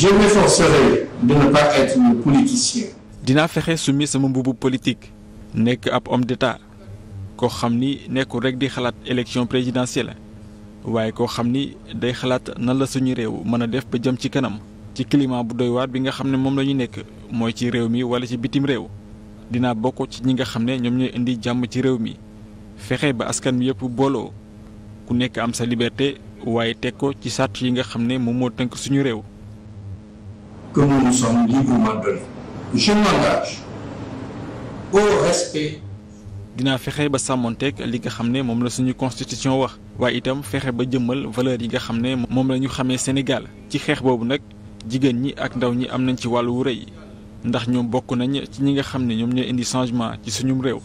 je m'efforcerai de ne dinaa fexe summi sama mbubu politique nekk ab homme d'état koo xam ni nekkul rek di xalaat élection présidentielle waaye koo xam ni day xalaat nan la suñu réew mën a def ba jëm ci kanam ci climat bu doy waar bi nga xam ne moom la ñu nekk mooy ci réew mi wala ci bitim réew dinaa bokk ci ñi nga xam ne ñoom ñooy indi jàmm ci réew mi fexe ba askan wi yëpp booloo ku nekk am sa liberté waaye teg ko ci sart yi nga xam ne moom moo tënk suñu réew. que nous nous sommes librement donnés. Je dinaa fexe ba sàmmonteeg li nga xam ne moom la suñu constitution wax waaye itam fexe ba jëmmal valeur yi nga xam ne moom la ñu xamee Sénégal ci xeex boobu nag jigéen ñi ak ndaw ñi am nañ ci wàllu wu rëy ndax ñoom bokk nañ ci ñi nga xam ne ñoom ñooy indi changement ci suñum réew.